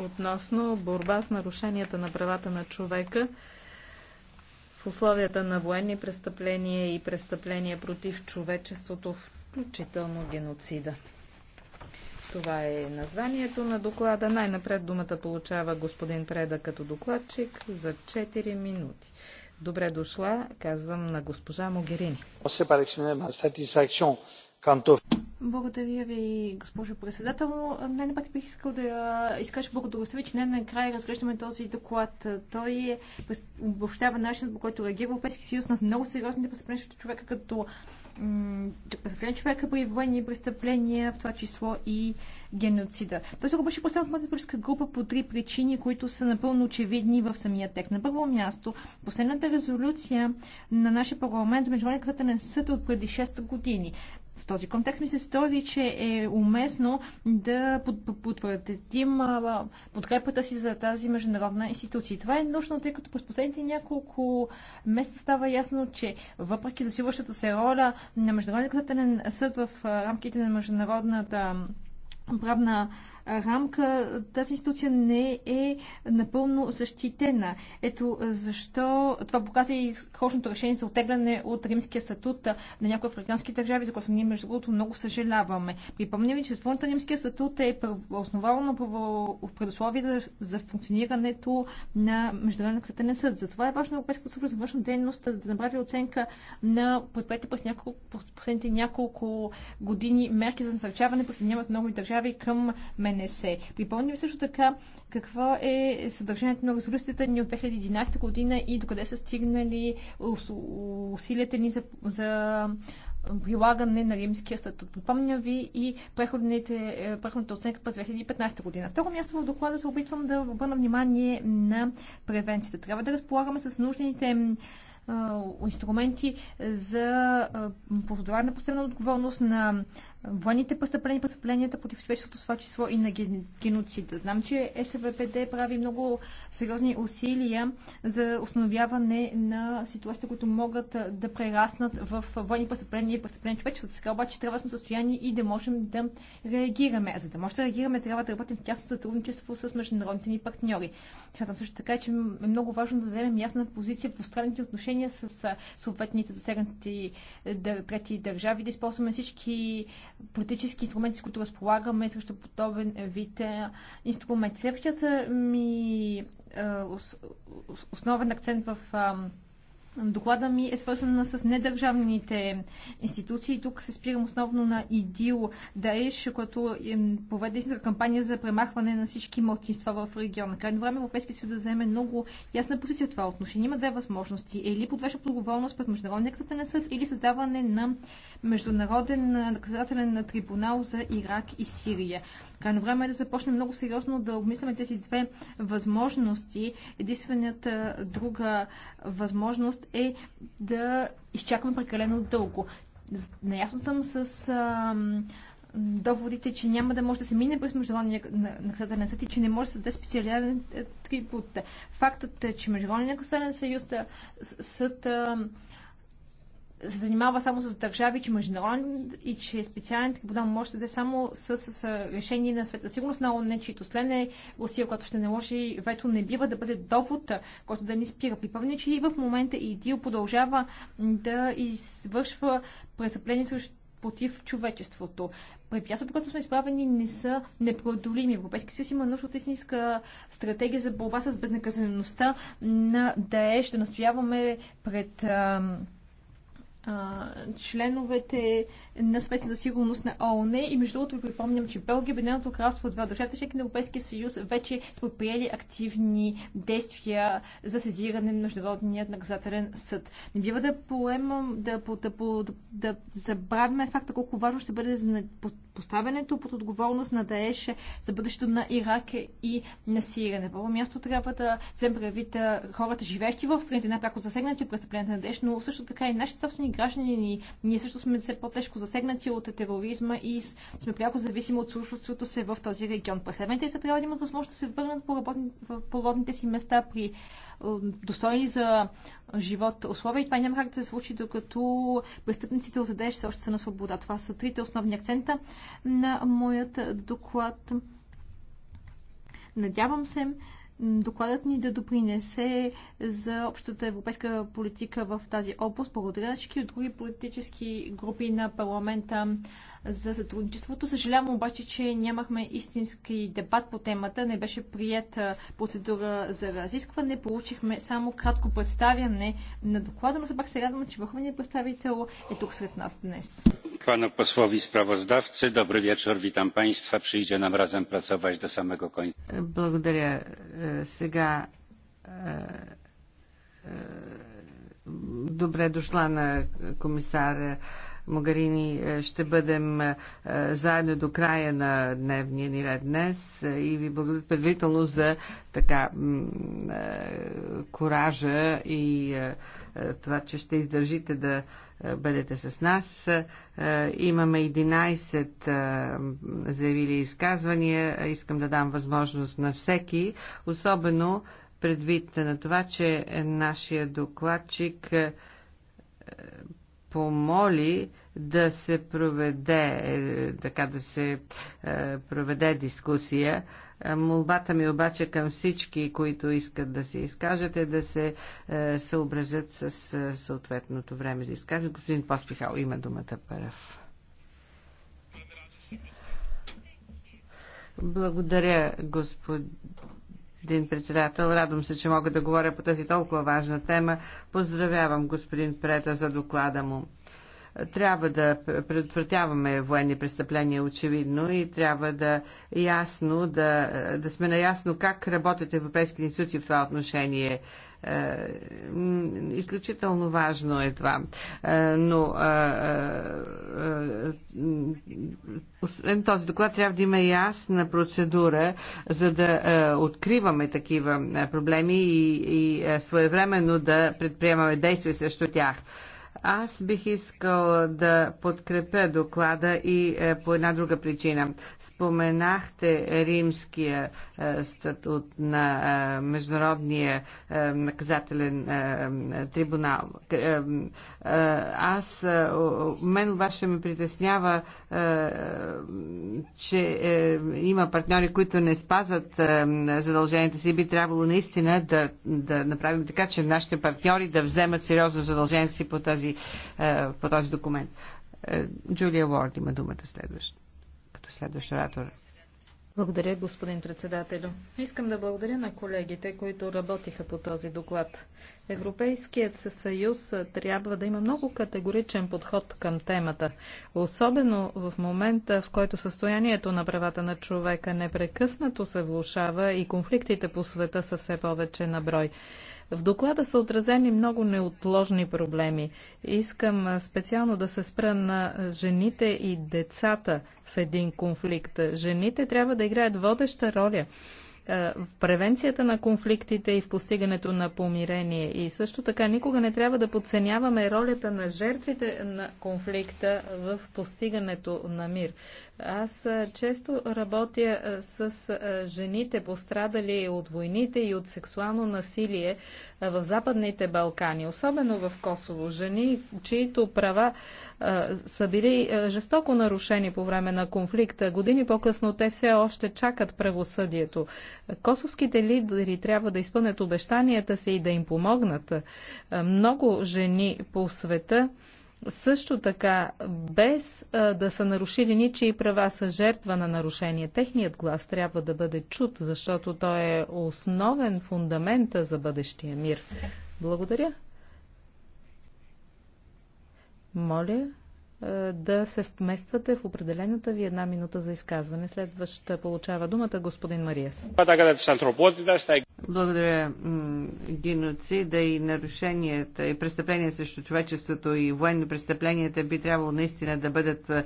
относно борба с нарушенията на правата на човека в условията на военни престъпления и престъпления против човечеството, включително геноцида. Това е названието на доклада. Най-напред думата получава господин Преда като докладчик за 4 минути. Добре дошла, казвам на госпожа Могерини. Благодаря ви, госпожо председател. Най-напред бих искал да изкажа благодарността ви, че не накрая разглеждаме този доклад. Той е обобщава начинът, по който реагира Европейски съюз на много сериозните престъпления защото човека, като престъпление човека при военни престъпления, в това число и геноцида. Той се беше представен в моята група по три причини, които са напълно очевидни в самия текст. На първо място, последната резолюция на нашия парламент за Международния казателен съд от преди 6 години. В този контекст ми се стори, че е уместно да потвърдим подкрепата си за тази международна институция. Това е нужно, тъй като през последните няколко месеца става ясно, че въпреки засилващата се роля на Международния съд в рамките на международната правна рамка тази институция не е напълно защитена. Ето защо това показва и хорошното решение за отегляне от римския статут на някои африкански държави, за което ние между другото много съжаляваме. Припомням ви, че на римския статут е основал на предусловие за, за функционирането на Международния съдебен съд. Затова е важно Европейската служба за външна дейност да направи оценка на предприятите през няколко, последните няколко години мерки за насърчаване присъединяват нови държави към ОНС. Припомним също така какво е съдържанието на резолюцията ни от 2011 година и докъде са стигнали усилията ни за, за прилагане на римския статут. Припомня ви и е, преходната оценка през 2015 година. Второ място в доклада се опитвам да обърна внимание на превенцията. Трябва да разполагаме с нужните инструменти за подобряване на постепенна отговорност на военните престъпления, престъпленията против човечеството, това число и на геноцида. Знам, че СВПД прави много сериозни усилия за установяване на ситуации, които могат да прераснат в военни престъпления и престъпления човечеството. Сега обаче трябва да сме в състояние и да можем да реагираме. А за да може да реагираме, трябва да работим в тясно сътрудничество с международните ни партньори. Смятам също така, че е много важно да вземем ясна позиция по странните отношения с съответните засегнати трети държави, да използваме всички политически инструменти, с които разполагаме срещу подобен вид е, инструмент. Следващият ми е, основен акцент в Доклада ми е свързана с недържавните институции. Тук се спирам основно на ИДИЛ Даеш, който е поведе истинска кампания за премахване на всички младсинства в региона. Крайно време Европейския съюз да вземе много ясна позиция в това отношение. Има две възможности. Или подвежда благоволност пред Международния наказателен съд, или създаване на Международен наказателен трибунал за Ирак и Сирия. Крайно време е да започнем много сериозно да обмисляме тези две възможности. Единствената друга възможност е да изчакаме прекалено дълго. Наясно съм с а, доводите, че няма да може да се мине през Международния наказателен съд и че не може да се даде специален трибут. Фактът, че Международния наказателен съюз съд се занимава само с държави, че е международен и че специален трибунал може да даде само с, с, с решение на света сигурност на ООН, чието след е Русия, която ще наложи вето, не бива да бъде довод, който да ни спира. Припомня, че и в момента Идио продължава да извършва престъпление срещу против човечеството. Препятствията, които сме изправени, не са непреодолими. Европейския съюз има нужда от истинска стратегия за борба с безнаказаността на дае, ще настояваме пред членовете на Съвета за сигурност на ООН. И между другото ви припомням, че Белгия, Обединеното кралство, два държавите членки на Европейския съюз вече са предприели активни действия за сезиране на Международният наказателен съд. Не бива да поемам, да, да, да, да забравяме факта колко важно ще бъде поставянето под отговорност на Даеш за бъдещето на Ирак и на Сирия. На първо място трябва да вземем правите хората, живеещи в страните, най-пряко засегнати от престъплението на Даеш, но също така и нашите собствени граждани. Ние също сме все по-тежко засегнати от тероризма и сме пряко зависими от случващото се в този регион. Преселените са трябва да имат възможност да се върнат по, работни, по родните си места при е, достойни за живот условия и това няма как да се случи, докато престъпниците от Задеж все още са на свобода. Това са трите основни акцента на моят доклад. Надявам се, докладът ни да допринесе за общата европейска политика в тази област. Благодаря всички от други политически групи на парламента за сътрудничеството. Съжалявам обаче, че нямахме истински дебат по темата. Не беше прията процедура за разискване. Получихме само кратко представяне на доклада, но все пак се радвам, че върховният представител е тук сред нас днес. Panu posłowi sprawozdawcy, dobry вечер, витам Państwa. прийде нам razem pracować до самого конца. Благодаря. Е, сега е, е, добре дошла на комисара Магарини е, Ще бъдем е, заедно до края на дневния ни ред днес е, и ви благодаря предварително за така коража и това, че ще издържите да бъдете с нас. Имаме 11 заявили изказвания. Искам да дам възможност на всеки, особено предвид на това, че нашия докладчик помоли да се проведе, е, така да се е, проведе дискусия. Е, молбата ми обаче към всички, които искат да се изкажат, е да се съобразят с съответното време за изкажат. Господин Поспихал има думата първ. Благодаря, господин господин председател. Радвам се, че мога да говоря по тази толкова важна тема. Поздравявам господин Прета за доклада му трябва да предотвратяваме военни престъпления, очевидно, и трябва да, ясно, да, да сме наясно как работят европейски институции в това отношение. Е, изключително важно е това. Е, но е, освен този доклад трябва да има ясна процедура, за да откриваме такива проблеми и, и своевременно да предприемаме действия срещу тях. Аз бих искал да подкрепя доклада и е, по една друга причина. Споменахте римския е, статут на е, Международния наказателен трибунал. аз, мен обаче ме притеснява, че има партньори, които не спазват задълженията си. Би трябвало наистина да, да направим така, че нашите партньори да вземат сериозно задълженията си по тази е, по този документ. Е, Джулия Уорд има думата следващ, като следващ оратор. Благодаря, господин председателю. Искам да благодаря на колегите, които работиха по този доклад. Европейският съюз трябва да има много категоричен подход към темата, особено в момента, в който състоянието на правата на човека непрекъснато се влушава и конфликтите по света са все повече на брой. В доклада са отразени много неотложни проблеми. Искам специално да се спра на жените и децата в един конфликт. Жените трябва да играят водеща роля в превенцията на конфликтите и в постигането на помирение. И също така никога не трябва да подценяваме ролята на жертвите на конфликта в постигането на мир. Аз често работя с жените, пострадали от войните и от сексуално насилие в Западните Балкани, особено в Косово. Жени, чието права са били жестоко нарушени по време на конфликта. Години по-късно те все още чакат правосъдието. Косовските лидери трябва да изпълнят обещанията си и да им помогнат. Много жени по света също така, без а, да са нарушили ничии права, са жертва на нарушение. Техният глас трябва да бъде чут, защото той е основен фундамент за бъдещия мир. Благодаря. Моля е, да се вмествате в определената ви една минута за изказване. Следваща получава думата господин Мариас. Благодаря. Геноцида и нарушенията и престъпления срещу човечеството и военни престъпленията би трябвало наистина да бъдат... Е,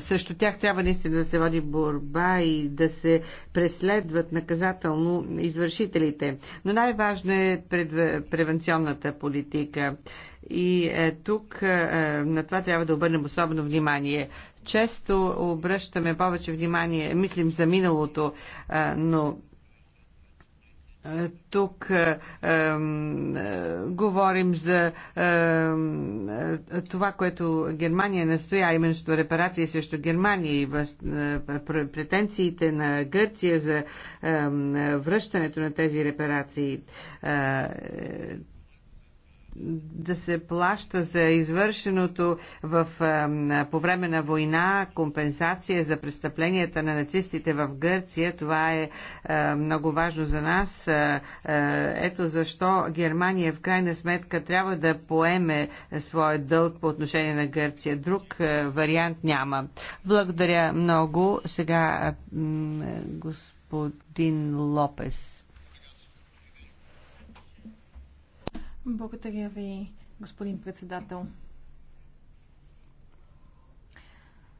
срещу тях трябва наистина да се води борба и да се преследват наказателно извършителите. Но най-важно е превенционната политика и е, тук е, е, на това трябва да обърнем особено внимание. Често обръщаме повече внимание, мислим за миналото, е, но е, тук е, е, говорим за е, е това, което Германия настоя, именно репарации срещу Германия и въз, е, претенциите на Гърция за е, връщането на тези репарации. Е, да се плаща за извършеното в, по време на война компенсация за престъпленията на нацистите в Гърция. Това е много важно за нас. Ето защо Германия в крайна сметка трябва да поеме своя дълг по отношение на Гърция. Друг вариант няма. Благодаря много. Сега господин Лопес. Благодаря ви, господин председател.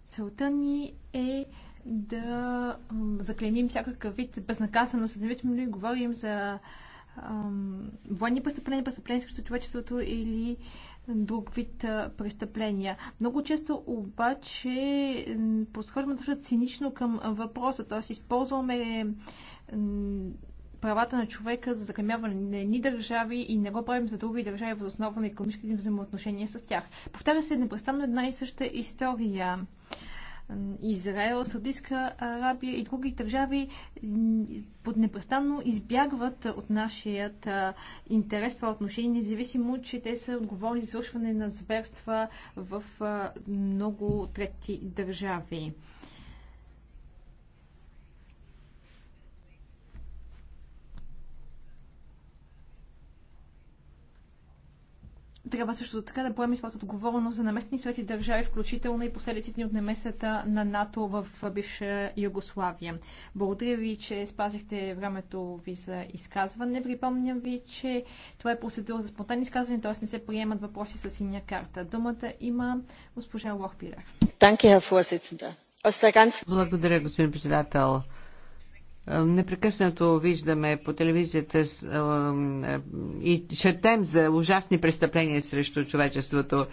Целта ни е да заклеймим всякакъв вид безнаказаност, да видим ли нали, говорим за ам, военни престъпления, престъпления срещу човечеството или друг вид престъпления. Много често обаче подхождаме доста цинично към въпроса, т.е. използваме правата на човека за закремяване на едни държави и не го правим за други държави в основа на економическите взаимоотношения с тях. Повтаря се непрестанно една и съща история. Израел, Саудитска Арабия и други държави под непрестанно избягват от нашият интерес това отношение, независимо, че те са отговорни за извършване на зверства в много трети държави. трябва също така да поеме своята отговорност за наместни в трети държави, включително и последиците от намесата на НАТО в бивша Югославия. Благодаря ви, че спазихте времето ви за изказване. Припомням ви, че това е процедура за спонтанни изказвания, т.е. не се приемат въпроси с синя карта. Думата има госпожа Лохпилер. Благодаря, господин председател. Е, непрекъснато виждаме по телевизията е, е, и четем за ужасни престъпления срещу човечеството.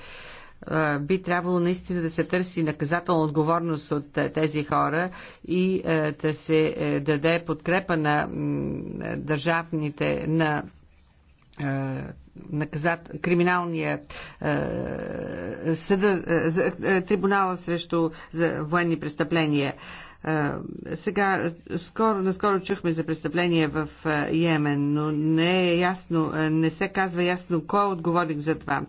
Би трябвало наистина да се търси наказателна отговорност от тези хора и да се даде подкрепа на държавните, на е, наказат, криминалния е, съда, е, трибунала срещу за военни престъпления. сега, скоро, наскоро чухме за престъпление в Йемен, но не е ясно, не се казва ясно кой е отговорник за това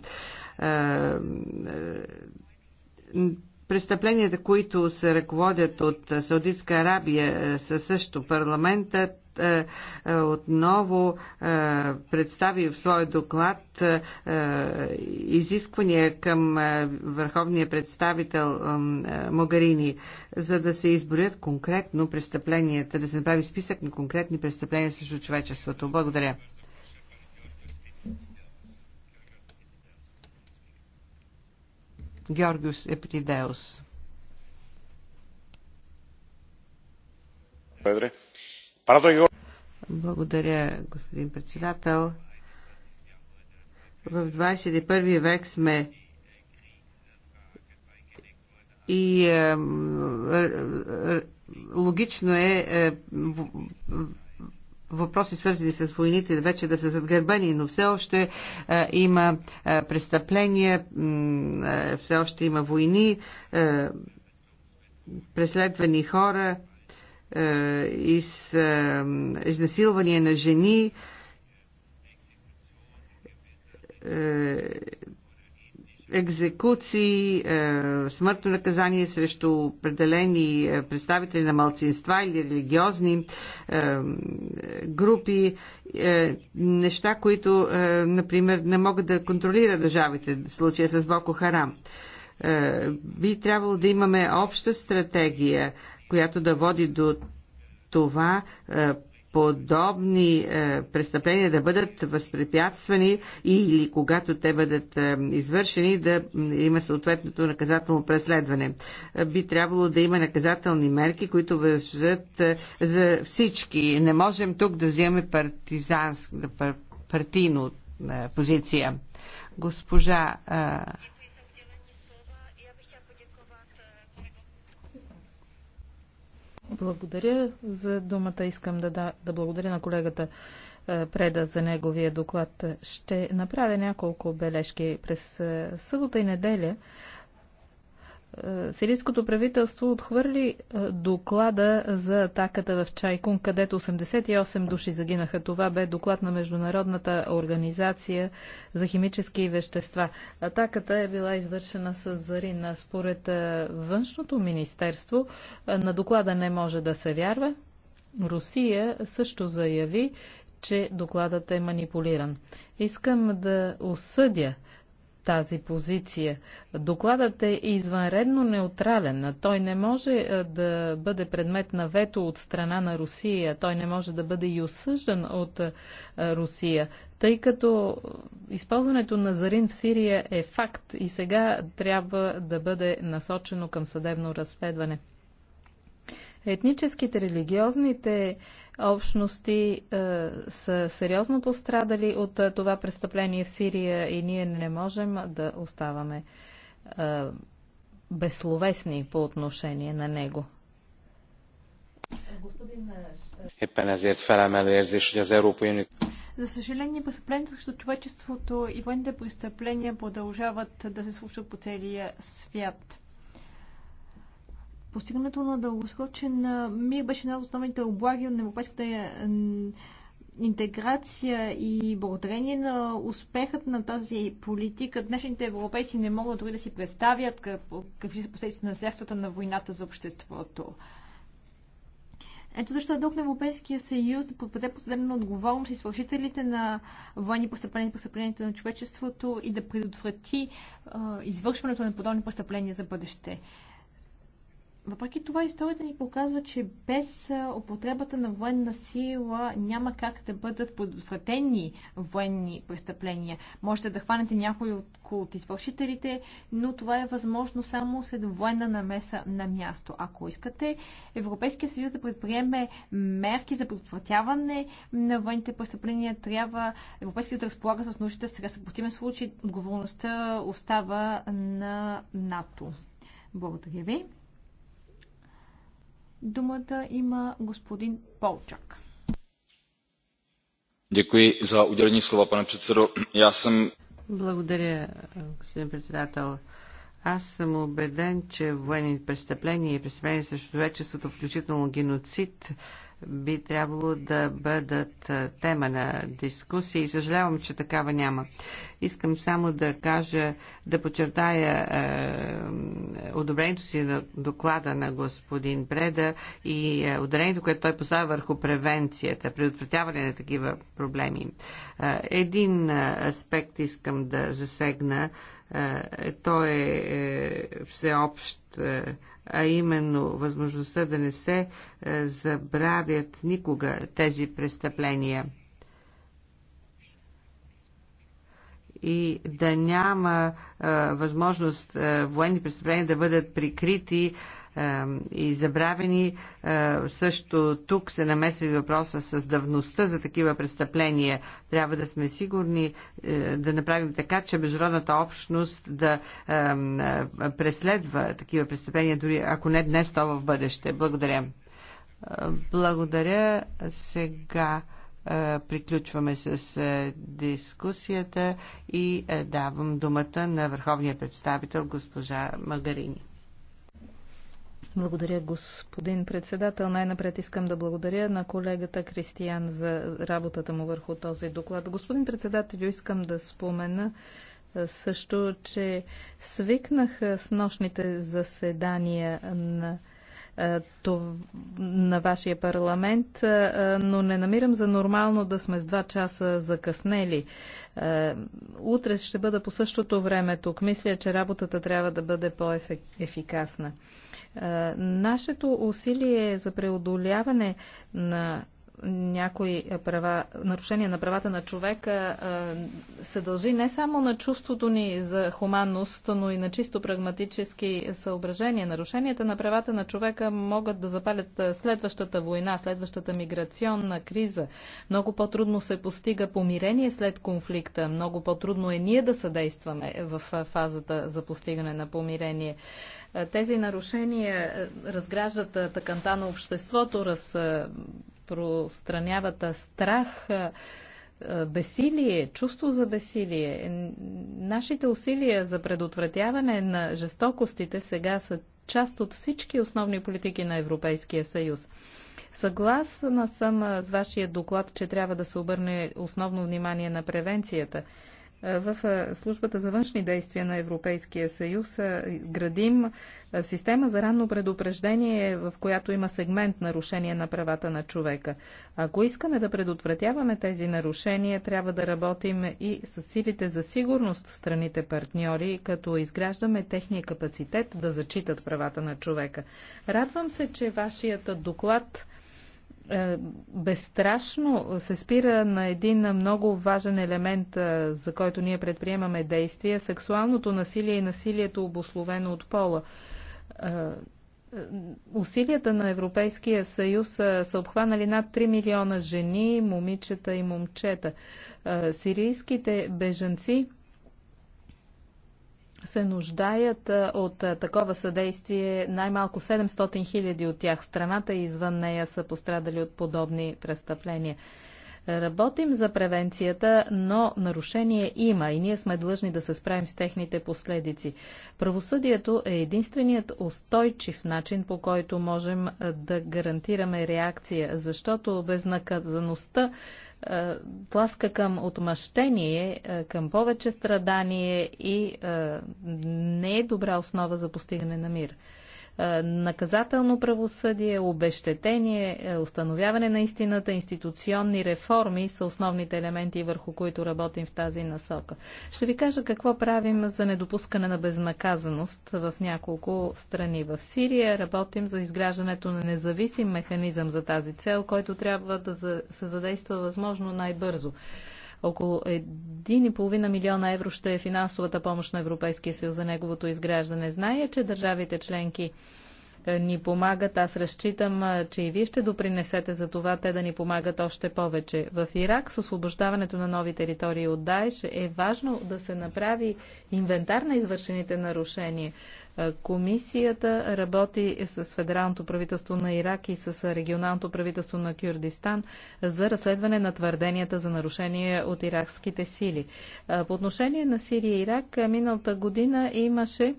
Престъпленията, които се ръководят от Саудитска Арабия, е, са също парламентът е, е, отново представи в своя доклад изисквания към върховния представител Могарини, за да се изброят конкретно престъпленията, да се направи списък на конкретни престъпления срещу човечеството. Благодаря. Георгиус Епидеус. Благодаря, господин председател. В 21 век сме и е, е, логично е, е въпроси, свързани с войните, вече да са задгърбени, но все още а, е, има а, е, престъпления, а, е, все още има войни, а, преследвани хора, и из, изнасилвания на жени екзекуции, е, смъртно наказание срещу определени е, представители на малцинства или религиозни е, групи, неща, които, например, не могат да контролира държавите, в случая с Боко Харам. Би трябвало да имаме обща стратегия, която да води до това подобни е, престъпления да бъдат възпрепятствани или когато те бъдат е, извършени да има съответното наказателно преследване. Е, би трябвало да има наказателни мерки, които въжат е, за всички. Не можем тук да вземем партизанска, пар, партийно е, позиция. Госпожа е, Благодаря за думата. Искам да, да, да благодаря на колегата е, Преда за неговия доклад. Ще направя няколко бележки. През е, събота и неделя сирийското правителство отхвърли доклада за атаката в Чайкун, където 88 души загинаха. Това бе доклад на Международната организация за химически вещества. Атаката е била извършена с зарина. Според Външното министерство на доклада не може да се вярва. Русия също заяви, че докладът е манипулиран. Искам да осъдя тази позиция. Докладът е извънредно неутрален. Той не може е, да бъде предмет на вето от страна на Русия. Той не може да бъде и осъждан от е, Русия, тъй като използването на зарин в Сирия е факт и сега трябва да бъде насочено към съдебно разследване. Етническите, религиозните общности е, са сериозно пострадали от е, това престъпление в Сирия и ние не можем да оставаме е, безсловесни по отношение на него. Е, е, за съжаление, престъплението срещу човечеството и военните престъпления продължават да се случват по целия свят. Постигането на дългосрочен мир беше една от основните облаги на европейската е, интеграция и благодарение на успехът на тази политика, днешните европейци не могат дори да си представят какви са последиците на жертвата на войната за обществото. Ето защо е дълг на Европейския съюз да подведе последна отговорност и свършителите на военни престъпления и престъпленията на човечеството и да предотврати е, извършването на подобни престъпления за бъдеще. Въпреки това, историята ни показва, че без употребата на военна сила няма как да бъдат подвратени военни престъпления. Можете да хванете някой от, от извършителите, но това е възможно само след военна намеса на място. Ако искате Европейския съюз да предприеме мерки за предотвратяване на военните престъпления, трябва Европейския съюз да разполага с нужните средства. В противен случай отговорността остава на НАТО. Благодаря ви. Думата има господин Полчак. Děkuji за udělení slova, pane předsedo. Já jsem... Благодаря, господин председател. Аз съм убеден, че военни престъпления и престъпления срещу човечеството, включително геноцид, би трябвало да бъдат тема на дискусия и съжалявам, че такава няма. Искам само да кажа, да подчертая е, одобрението си на доклада на господин Преда и е, ударението, което той поставя върху превенцията, предотвратяване на такива проблеми. Е, един аспект искам да засегна. Е, той е, е всеобщ а именно възможността да не се е, забравят никога тези престъпления. и да няма е, възможност е, военни престъпления да бъдат прикрити и забравени. Също тук се намесва и въпроса с давността за такива престъпления. Трябва да сме сигурни е, да направим така, че международната общност да преследва такива престъпления, дори ако не днес, то в бъдеще. Благодаря. Благодаря. Сега приключваме с дискусията и давам думата на върховния представител госпожа Магарини. Благодаря, господин председател. Най-напред искам да благодаря на колегата Кристиян за работата му върху този доклад. Господин председател, искам да спомена също, че свикнах с нощните заседания на е, на вашия парламент, е, е, но не намирам за нормално да сме с два часа закъснели. Утре ще бъда по същото време тук. Мисля, че работата трябва да бъде по-ефикасна. Нашето усилие за преодоляване на някои права, нарушения на правата на човека се дължи не само на чувството ни за хуманност, но и на чисто прагматически съображения. Нарушенията на правата на човека могат да запалят следващата война, следващата миграционна криза. Много по-трудно се постига помирение след конфликта. Много по-трудно е ние да съдействаме в фазата за постигане на помирение. Тези нарушения разграждат тъканта на обществото, раз разпространяват страх, бесилие, чувство за бесилие. Нашите усилия за предотвратяване на жестокостите сега са част от всички основни политики на Европейския съюз. Съгласна съм с вашия доклад, че трябва да се обърне основно внимание на превенцията. Е, в е, службата за външни действия на Европейския съюз е, градим система за ранно предупреждение, в която има сегмент нарушение на правата на човека. Ако искаме да предотвратяваме тези нарушения, трябва да работим и с силите за сигурност в страните партньори, като изграждаме техния капацитет да зачитат правата на човека. Радвам се, че вашият доклад е, безстрашно се спира на един много важен елемент, е, за който ние предприемаме действия сексуалното насилие и насилието, обословено от пола. Е, усилията на Европейския съюз са обхванали над 3 милиона жени, момичета и момчета. Сирийските бежанци се нуждаят от такова съдействие. Най-малко 700 хиляди от тях страната и извън нея са пострадали от подобни престъпления. Работим за превенцията, но нарушение има и ние сме длъжни да се справим с техните последици. Правосъдието е единственият устойчив начин, по който можем да гарантираме реакция, защото безнаказаността е, тласка към отмъщение, е, към повече страдание и е, не е добра основа за постигане на мир. Е, наказателно правосъдие, обещетение, е, установяване на истината, институционни реформи са основните елементи, върху които работим в тази насока. Ще ви кажа какво правим за недопускане на безнаказаност в няколко страни. В Сирия работим за изграждането на независим механизъм за тази цел, който трябва да се задейства възможно най-бързо. Около 1,5 милиона евро ще е финансовата помощ на Европейския съюз за неговото изграждане. Зная, че държавите членки е, ни помагат. Аз разчитам, е, че и вие ще допринесете за това те да ни помагат още повече. В Ирак с освобождаването на нови територии от Даеш е важно да се направи инвентар на извършените нарушения. Комисията работи с Федералното правителство на Ирак и с Регионалното правителство на Кюрдистан за разследване на твърденията за нарушения от иракските сили. По отношение на Сирия и Ирак, миналата година имаше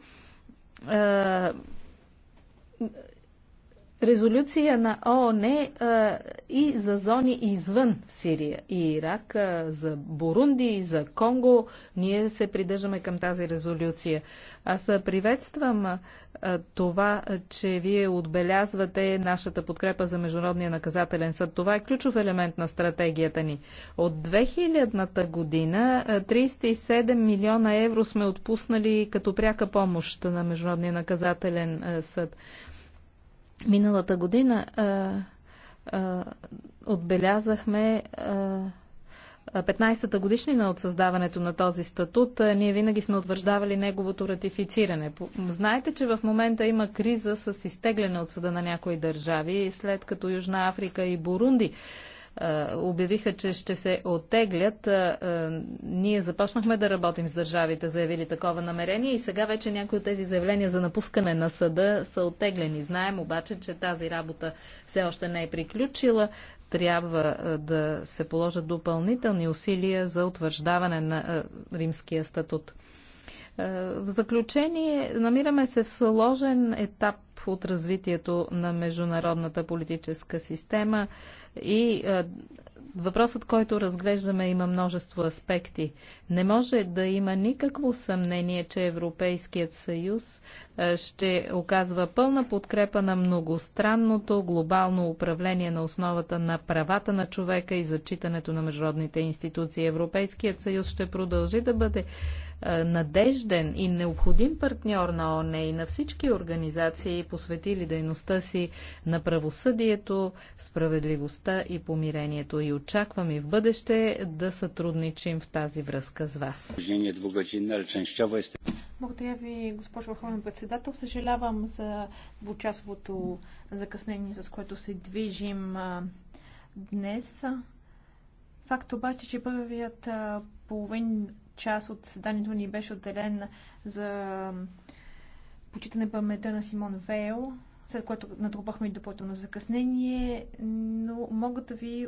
резолюция на ООН а, и за зони извън Сирия и Ирак, а, за Бурунди и за Конго. Ние се придържаме към тази резолюция. Аз приветствам а, това, че вие отбелязвате нашата подкрепа за Международния наказателен съд. Това е ключов елемент на стратегията ни. От 2000-та година 37 милиона евро сме отпуснали като пряка помощ на Международния наказателен съд. Миналата година а, а, отбелязахме а, 15-та годишнина от създаването на този статут, ние винаги сме утвърждавали неговото ратифициране. Знаете, че в момента има криза с изтегляне от съда на някои държави, след като Южна Африка и Бурунди обявиха, че ще се оттеглят, ние започнахме да работим с държавите, заявили такова намерение и сега вече някои от тези заявления за напускане на съда са оттеглени. Знаем обаче, че тази работа все още не е приключила. Трябва да се положат допълнителни усилия за утвърждаване на римския статут. Е, в заключение, намираме се в сложен етап от развитието на международната политическа система и е, въпросът, който разглеждаме, има множество аспекти. Не може да има никакво съмнение, че Европейският съюз е, ще оказва пълна подкрепа на многостранното глобално управление на основата на правата на човека и зачитането на международните институции. Европейският съюз ще продължи да бъде е, надежден и необходим партньор на ООН и на всички организации, посветили дейността си на правосъдието, справедливостта и помирението. И очаквам и в бъдеще да сътрудничим в тази връзка с вас. Е Благодаря ви, госпожо Върховен председател. Съжалявам за двучасовото закъснение, с което се движим днес. Факт обаче, че първият половин част от заседанието ни беше отделен за почитане паметта на Симон Вейл, след което натрупахме и допълнително закъснение, но мога да ви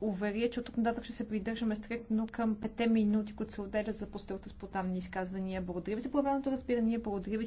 уверя, че от тук нататък ще се придържаме стриктно към пете минути, които се отделят за постелта спонтанни изказвания. Благодаря ви за проявеното разбиране, благодаря ви, че